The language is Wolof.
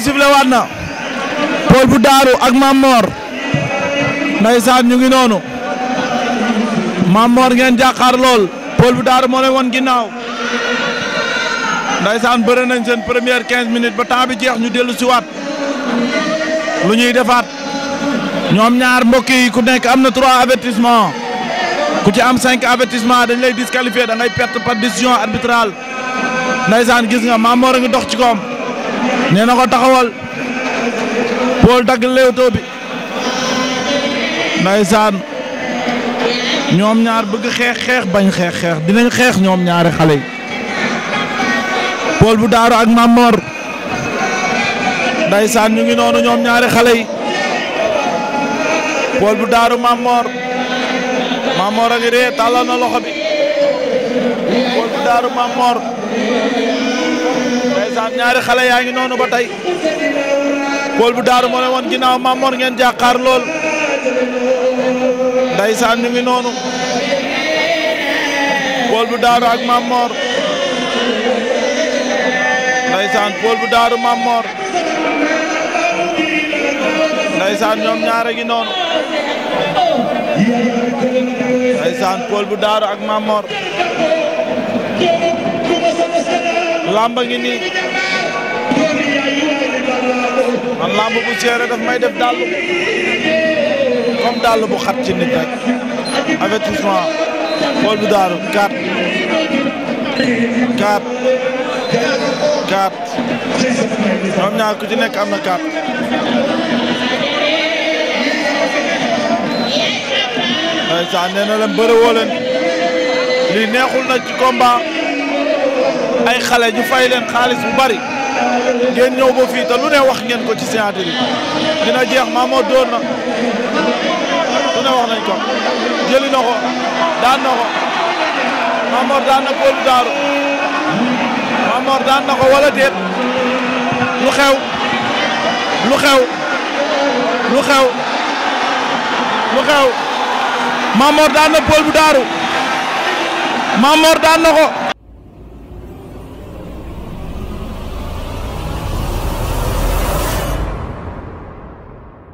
bi sifle waat na Paul bu daaru ak Mamor ndeysaan ñu ngi noonu Mamor ngeen jàkkaar lool Paul bu daaru moo leen woon ginnaaw ndeysaan bëre nañ seen première quinze minutes ba temps bi jeex ñu dellu si waat lu ñuy defaat ñoom ñaar mbokk yi ku nekk am na trois avertissement ku ci am cinq avertissement dañ lay disqualifié da ngay perte par décision arbitrale ndeysaan gis nga Mamor a ngi dox ci koom nee na ko taxawal Paul dagg leewtoo bi ndaysaan ñoom ñaar bëgg xeex xeex bañ xeex xeex dinañ xeex ñoom ñaari xale yi Paul bu daaru ak Mamor ndaysaan ñu ngi noonu ñoom ñaari xale yi Paul bu daaru Mamor Mamor a ngi ree na loxo bi Paul bu daaru Mamor ndeysaan ñaari xale yaa ngi noonu ba Paul bu daaru moo leen woon ginnaaw Mamor ngeen jàkkaar lool ndeysaan ñu ngi noonu Paul bu daaru ak Mamor ndeysaan Paul bu daaru Mamor ndeysaan ñoom ñaare gi noonu ndeysaan Paul bu daaru ak Mamor lamba ngi nii man lamb bu seere daf may def dàll comme dàll bu xat ci nit rek avertissement xool bu daaru quatre quatre quatre ñoom ñaar ku ci nekk am na quatre ndeysaan nee na leen bëre lii neexul na ci combat ay xale ñu fay leen xaalis bu bari ngeen ñëw ba fii te lu ne wax ngeen ko ci scientifique jeex Mamo dóor na lu ne wax nañ ko jëli na daan na ko daan na góolu daaru Mamo daan na ko wala déet lu xew lu xew lu xew lu xew Mamor daan na Paul bu daaru Mamor daan na ko